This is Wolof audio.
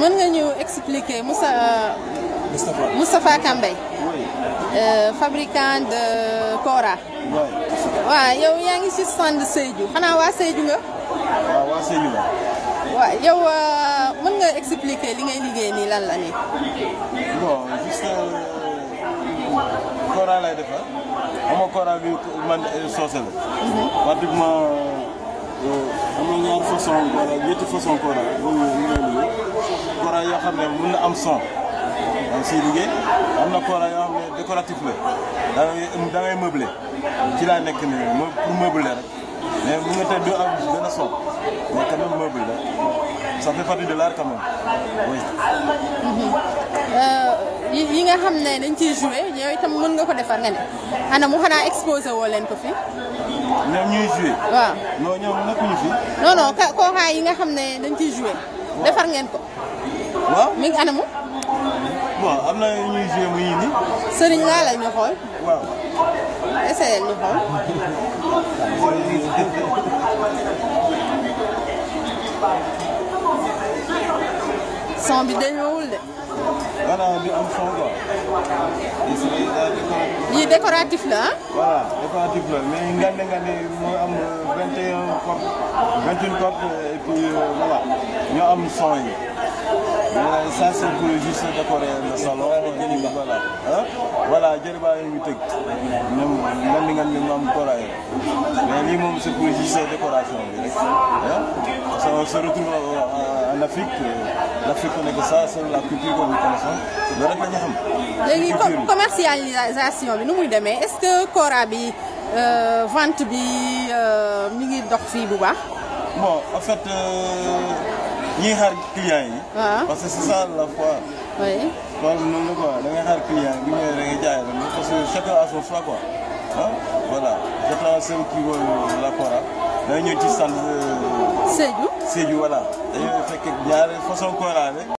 mën nga ñu expliquer Moussa Moustapha Moustapha fabricant de Kora. waaw yow yaa ngi ci stand Sédhiou xanaa waa Sédhiou nga. waa Sédhiou euh, mën nga expliquer li ngay liggéey nii lan la nii. bon juste Kora euh, lay defar xam nga bi man euh, soose la. Mhm. pratiquement am na ñaar façon wala façon Kora. xam ne mën na am son da nga liggéey am na kóolaa yoo xam la da ngay da ci laa nekk nii pour meubler rek mais mu nga tey du am benn son mais quand meuble la ça fait partie de l'art quand même oui. Euh, yi nga xam ne dañ ciy joué yow itam nga ko defar nga ne ana mu xanaa exposé woo leen ko fi. ñoom ñuy joué. waaw non ñoom nekkuñu fi. non non kookaay yi nga xam ne dañ ciy joué. defar ngeen ko. waaw mi ngi anamu. bon am na ñuy joué mu sëriñ laa ñu xool. waaw. essayé ñu xool. son bi demeewul de. voilà du am son quoi. lii décoratif la ah. voilà la mais ngande ngande moo am 21 copes 21 copes et puis euh, ñoo am son yi mais ça c'est pour juste décorer le salon voilà voilà jërëjëf yi ñu tëgg ñoom man li am koraay mais lii moom c'est pour juste décoration bi rek ça on se retrouve euh, en Afrique euh, l'Afrique on est que ça la culture que nous connaissons loolu rek la ñu xam. léegi commercialisation bi nu muy demee est-ce que kora bi euh, vente bi mi ngi dox fii bu baax. bon en fait. ñuy xaar client yi. Ah. parce que c'est la foire. oui. foire bi noonu la quoi xaar client yi bu ñëwee da jaay la parce que chacun a son choix quoi ah voilà j'attends la Cora da ñëw ci sant. Euh, Sédhiou Sédhiou voilà dañoo fekk ñaari façon Cora